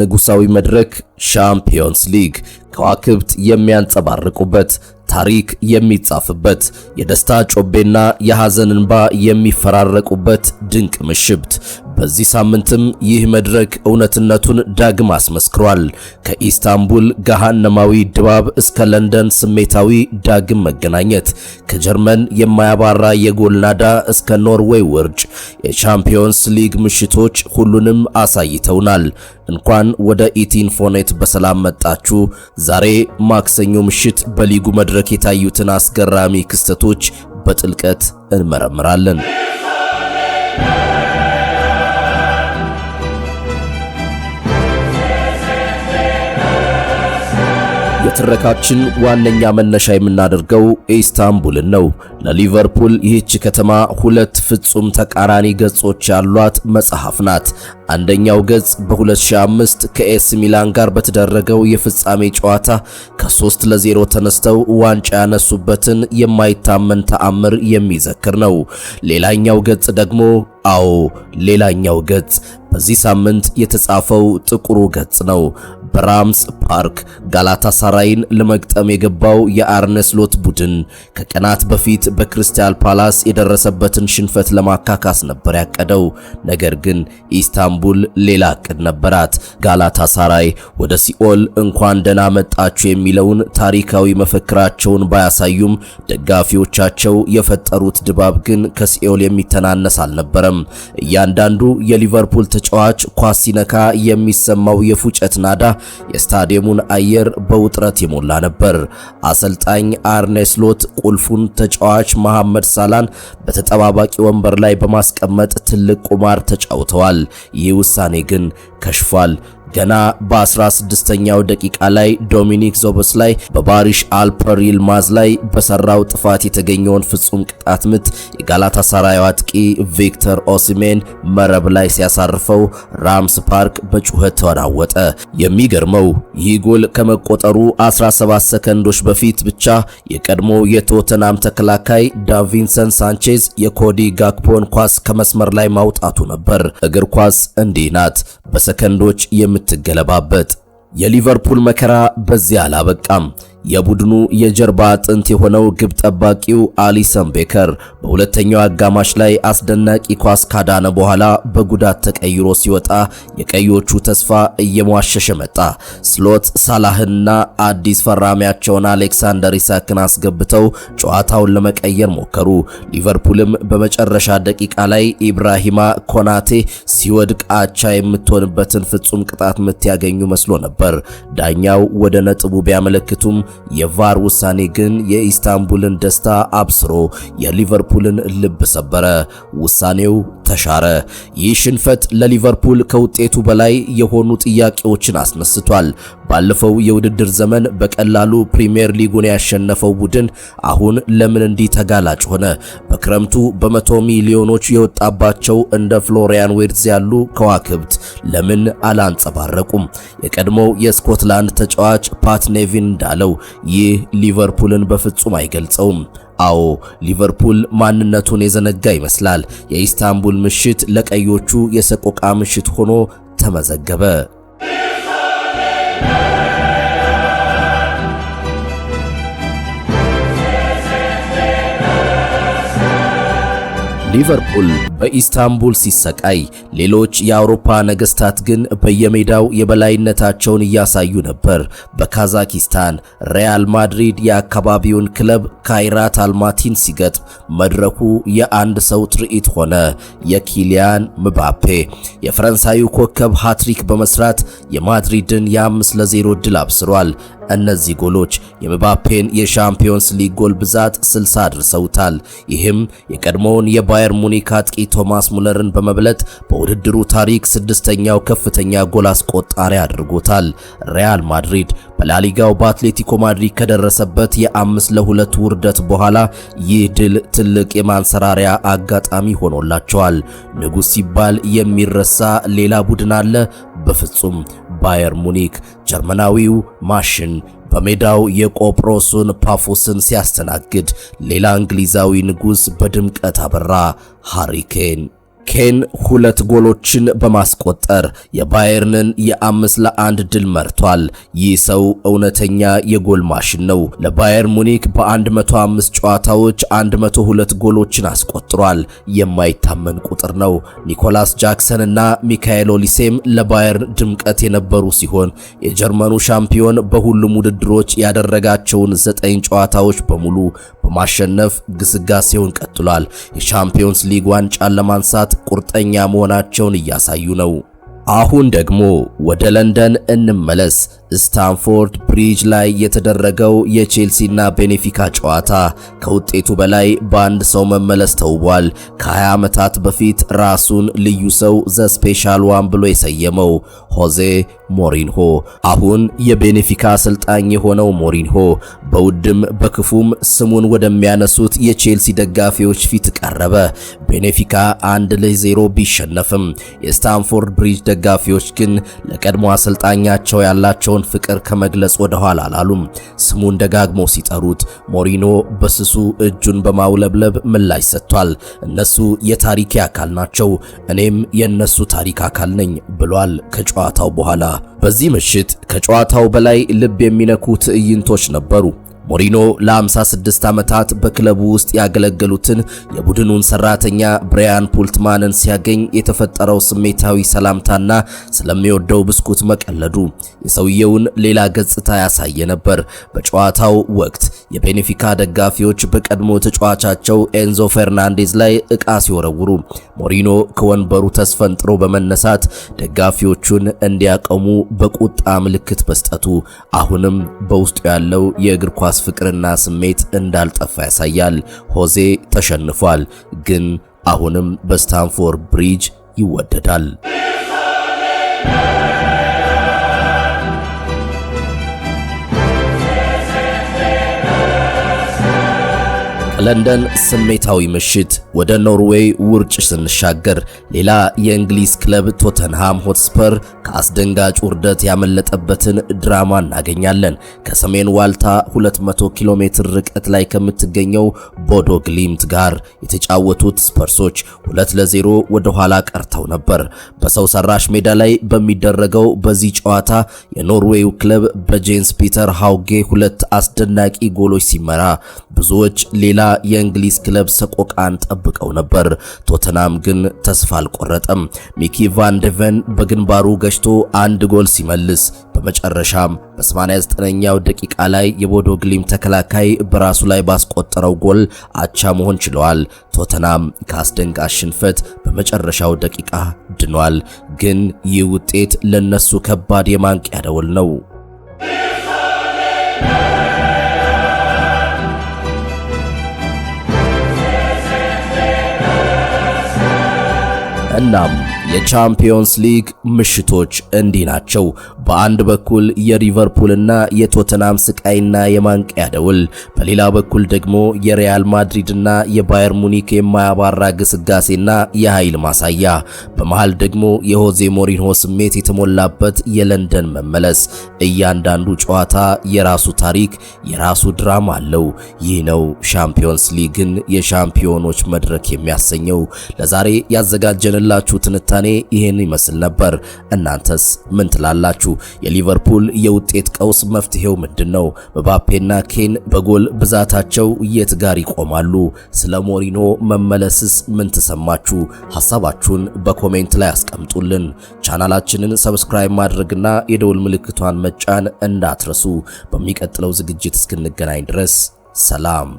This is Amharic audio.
ንጉሳዊ መድረክ ሻምፒዮንስ ሊግ ከዋክብት የሚያንጸባርቁበት ታሪክ የሚጻፍበት የደስታ ጮቤና የሐዘን እንባ የሚፈራረቁበት ድንቅ ምሽብት በዚህ ሳምንትም ይህ መድረክ እውነትነቱን ዳግም አስመስክሯል። ከኢስታንቡል ገሃነማዊ ድባብ እስከ ለንደን ስሜታዊ ዳግም መገናኘት፣ ከጀርመን የማያባራ የጎልናዳ እስከ ኖርዌይ ውርጭ የቻምፒዮንስ ሊግ ምሽቶች ሁሉንም አሳይተውናል። እንኳን ወደ ኢቲንፎኔት በሰላም መጣችሁ። ዛሬ ማክሰኞ ምሽት በሊጉ መድረክ የታዩትን አስገራሚ ክስተቶች በጥልቀት እንመረምራለን። ትረካችን ዋነኛ መነሻ የምናደርገው ኢስታንቡልን ነው። ለሊቨርፑል ይህች ከተማ ሁለት ፍጹም ተቃራኒ ገጾች ያሏት መጽሐፍ ናት። አንደኛው ገጽ በ2005 ከኤስ ሚላን ጋር በተደረገው የፍጻሜ ጨዋታ ከ3 ለ0 ተነስተው ዋንጫ ያነሱበትን የማይታመን ተአምር የሚዘክር ነው። ሌላኛው ገጽ ደግሞ አዎ ሌላኛው ገጽ በዚህ ሳምንት የተጻፈው ጥቁሩ ገጽ ነው። በራምስ ፓርክ ጋላታ ሳራይን ለመግጠም የገባው የአርነስ ሎት ቡድን ከቀናት በፊት በክሪስታል ፓላስ የደረሰበትን ሽንፈት ለማካካስ ነበር ያቀደው። ነገር ግን ኢስታንቡል ሌላ እቅድ ነበራት። ጋላታ ሳራይ ወደ ሲኦል እንኳን ደህና መጣችሁ የሚለውን ታሪካዊ መፈክራቸውን ባያሳዩም ደጋፊዎቻቸው የፈጠሩት ድባብ ግን ከሲኦል የሚተናነስ አልነበረም። እያንዳንዱ የሊቨርፑል ተጫዋች ኳስ ሲነካ የሚሰማው የፉጨት ናዳ የስታዲየሙን አየር በውጥረት የሞላ ነበር። አሰልጣኝ አርኔ ስሎት ቁልፉን ተጫዋች መሐመድ ሳላን በተጠባባቂ ወንበር ላይ በማስቀመጥ ትልቅ ቁማር ተጫውተዋል። ይህ ውሳኔ ግን ከሽፏል። ገና በ16ኛው ደቂቃ ላይ ዶሚኒክ ዞቦስ ላይ በባሪሽ አልፐር ይልማዝ ላይ በሰራው ጥፋት የተገኘውን ፍጹም ቅጣት ምት የጋላታሳራዩ አጥቂ ቪክተር ኦሲሜን መረብ ላይ ሲያሳርፈው ራምስ ፓርክ በጩኸት ተናወጠ። የሚገርመው ይህ ጎል ከመቆጠሩ 17 ሰከንዶች በፊት ብቻ የቀድሞ የቶተናም ተከላካይ ዳቪንሰን ሳንቼዝ የኮዲ ጋክፖን ኳስ ከመስመር ላይ ማውጣቱ ነበር። እግር ኳስ እንዲህ ናት፣ በሰከንዶች የም የምትገለባበት። የሊቨርፑል መከራ በዚያ አላበቃም። የቡድኑ የጀርባ አጥንት የሆነው ግብ ጠባቂው አሊሰን ቤከር በሁለተኛው አጋማሽ ላይ አስደናቂ ኳስ ካዳነ በኋላ በጉዳት ተቀይሮ ሲወጣ የቀዮቹ ተስፋ እየሟሸሸ መጣ። ስሎት ሳላህና አዲስ ፈራሚያቸውን አሌክሳንደር ኢሳክን አስገብተው ጨዋታውን ለመቀየር ሞከሩ። ሊቨርፑልም በመጨረሻ ደቂቃ ላይ ኢብራሂማ ኮናቴ ሲወድቅ አቻ የምትሆንበትን ፍጹም ቅጣት ምት ያገኙ መስሎ ነበር። ዳኛው ወደ ነጥቡ ቢያመለክቱም የቫር ውሳኔ ግን የኢስታንቡልን ደስታ አብስሮ የሊቨርፑልን ልብ ሰበረ። ውሳኔው ተሻረ። ይህ ሽንፈት ለሊቨርፑል ከውጤቱ በላይ የሆኑ ጥያቄዎችን አስነስቷል። ባለፈው የውድድር ዘመን በቀላሉ ፕሪሚየር ሊጉን ያሸነፈው ቡድን አሁን ለምን እንዲህ ተጋላጭ ሆነ? በክረምቱ በመቶ ሚሊዮኖች የወጣባቸው እንደ ፍሎሪያን ዊርትዝ ያሉ ከዋክብት ለምን አላንጸባረቁም? የቀድሞው የስኮትላንድ ተጫዋች ፓት ኔቪን እንዳለው ይህ ሊቨርፑልን በፍጹም አይገልጸውም። አዎ ሊቨርፑል ማንነቱን የዘነጋ ይመስላል። የኢስታንቡል ምሽት ለቀዮቹ የሰቆቃ ምሽት ሆኖ ተመዘገበ። ሊቨርፑል በኢስታንቡል ሲሰቃይ፣ ሌሎች የአውሮፓ ነገስታት ግን በየሜዳው የበላይነታቸውን እያሳዩ ነበር። በካዛኪስታን ሪያል ማድሪድ የአካባቢውን ክለብ ካይራት አልማቲን ሲገጥም መድረኩ የአንድ ሰው ትርኢት ሆነ። የኪሊያን ምባፔ የፈረንሳዩ ኮከብ ሃትሪክ በመስራት የማድሪድን የአምስት ለዜሮ ድል አብስሯል። እነዚህ ጎሎች የምባፔን የሻምፒዮንስ ሊግ ጎል ብዛት 60 አድርሰውታል። ይህም የቀድሞውን የባየር ሙኒክ አጥቂ ቶማስ ሙለርን በመብለጥ በውድድሩ ታሪክ ስድስተኛው ከፍተኛ ጎል አስቆጣሪ አድርጎታል። ሪያል ማድሪድ በላሊጋው በአትሌቲኮ ማድሪድ ከደረሰበት የአምስት ለሁለት ውርደት በኋላ ይህ ድል ትልቅ የማንሰራሪያ አጋጣሚ ሆኖላቸዋል። ንጉሥ ሲባል የሚረሳ ሌላ ቡድን አለ? በፍጹም ባየር ሙኒክ ጀርመናዊው ማሽን በሜዳው የቆጵሮሱን ፓፎስን ሲያስተናግድ ሌላ እንግሊዛዊ ንጉሥ በድምቀት አበራ ሃሪኬን! ኬን ሁለት ጎሎችን በማስቆጠር የባየርንን የአምስት ለአንድ ድል መርቷል። ይህ ሰው እውነተኛ የጎል ማሽን ነው። ለባየር ሙኒክ በ105 ጨዋታዎች 102 ጎሎችን አስቆጥሯል። የማይታመን ቁጥር ነው። ኒኮላስ ጃክሰን እና ሚካኤል ኦሊሴም ለባየርን ድምቀት የነበሩ ሲሆን የጀርመኑ ሻምፒዮን በሁሉም ውድድሮች ያደረጋቸውን ዘጠኝ ጨዋታዎች በሙሉ በማሸነፍ ግስጋሴውን ቀጥሏል። የቻምፒዮንስ ሊግ ዋንጫን ለማንሳት ለመውጣት ቁርጠኛ መሆናቸውን እያሳዩ ነው። አሁን ደግሞ ወደ ለንደን እንመለስ። ስታንፎርድ ብሪጅ ላይ የተደረገው የቼልሲና ቤኔፊካ ጨዋታ ከውጤቱ በላይ በአንድ ሰው መመለስ ተውቧል። ከ20 ዓመታት በፊት ራሱን ልዩ ሰው ዘ ስፔሻል ዋን ብሎ የሰየመው ሆዜ ሞሪንሆ አሁን የቤኔፊካ አሰልጣኝ የሆነው ሞሪንሆ በውድም በክፉም ስሙን ወደሚያነሱት የቼልሲ ደጋፊዎች ፊት ቀረበ። ቤኔፊካ አንድ ለዜሮ ቢሸነፍም የስታንፎርድ ብሪጅ ደጋፊዎች ግን ለቀድሞ አሰልጣኛቸው ያላቸውን ያላቸውን ፍቅር ከመግለጽ ወደ ኋላ አላሉም። ስሙን ደጋግመው ሲጠሩት ሞሪኖ በስሱ እጁን በማውለብለብ ምላሽ ሰጥቷል። እነሱ የታሪኬ አካል ናቸው፣ እኔም የእነሱ ታሪክ አካል ነኝ ብሏል ከጨዋታው በኋላ። በዚህ ምሽት ከጨዋታው በላይ ልብ የሚነኩ ትዕይንቶች ነበሩ። ሞሪኖ ለ56 ዓመታት በክለቡ ውስጥ ያገለገሉትን የቡድኑን ሰራተኛ ብሪያን ፑልትማንን ሲያገኝ የተፈጠረው ስሜታዊ ሰላምታና ስለሚወደው ብስኩት መቀለዱ የሰውየውን ሌላ ገጽታ ያሳየ ነበር። በጨዋታው ወቅት የቤኔፊካ ደጋፊዎች በቀድሞ ተጫዋቻቸው ኤንዞ ፌርናንዴዝ ላይ ዕቃ ሲወረውሩ ሞሪኖ ከወንበሩ ተስፈንጥሮ በመነሳት ደጋፊዎቹን እንዲያቀሙ በቁጣ ምልክት መስጠቱ አሁንም በውስጡ ያለው የእግር ኳስ በኳስ ፍቅርና ስሜት እንዳልጠፋ ያሳያል። ሆዜ ተሸንፏል፣ ግን አሁንም በስታንፎርድ ብሪጅ ይወደዳል። ከለንደን ስሜታዊ ምሽት ወደ ኖርዌይ ውርጭ ስንሻገር ሌላ የእንግሊዝ ክለብ ቶተንሃም ሆትስፐር ከአስደንጋጭ ውርደት ያመለጠበትን ድራማ እናገኛለን። ከሰሜን ዋልታ 200 ኪሎ ሜትር ርቀት ላይ ከምትገኘው ቦዶ ግሊምት ጋር የተጫወቱት ስፐርሶች 2 ለ0 ወደ ኋላ ቀርተው ነበር። በሰው ሰራሽ ሜዳ ላይ በሚደረገው በዚህ ጨዋታ የኖርዌዩ ክለብ በጄንስ ፒተር ሃውጌ ሁለት አስደናቂ ጎሎች ሲመራ ብዙዎች ሌላ የእንግሊዝ ክለብ ሰቆቃን ጠብቀው ነበር። ቶተናም ግን ተስፋ አልቆረጠም። ሚኪ ቫን ደቨን በግንባሩ ገጭቶ አንድ ጎል ሲመልስ በመጨረሻም በ89ኛው ደቂቃ ላይ የቦዶ ግሊም ተከላካይ በራሱ ላይ ባስቆጠረው ጎል አቻ መሆን ችለዋል። ቶተናም ከአስደንጋጭ ሽንፈት በመጨረሻው ደቂቃ ድኗል። ግን ይህ ውጤት ለነሱ ከባድ የማንቂያ ደወል ነው። እናም የቻምፒዮንስ ሊግ ምሽቶች እንዲህ ናቸው። በአንድ በኩል የሊቨርፑልና የቶተናም ስቃይና የማንቂያ ደውል፣ በሌላ በኩል ደግሞ የሪያል ማድሪድና የባየር ሙኒክ የማያባራ ግስጋሴና የኃይል ማሳያ፣ በመሃል ደግሞ የሆዜ ሞሪንሆ ስሜት የተሞላበት የለንደን መመለስ። እያንዳንዱ ጨዋታ የራሱ ታሪክ፣ የራሱ ድራማ አለው። ይህ ነው ሻምፒዮንስ ሊግን የሻምፒዮኖች መድረክ የሚያሰኘው። ለዛሬ ያዘጋጀንላችሁ ትንታኔ ይህን ይመስል ነበር። እናንተስ ምን ትላላችሁ? የሊቨርፑል የውጤት ቀውስ መፍትሄው ምንድን ነው? መባፔና ኬን በጎል ብዛታቸው የት ጋር ይቆማሉ? ስለ ሞሪኖ መመለስስ ምን ተሰማችሁ? ሐሳባችሁን በኮሜንት ላይ አስቀምጡልን። ቻናላችንን ሰብስክራይብ ማድረግና የደውል ምልክቷን መጫን እንዳትረሱ። በሚቀጥለው ዝግጅት እስክንገናኝ ድረስ ሰላም።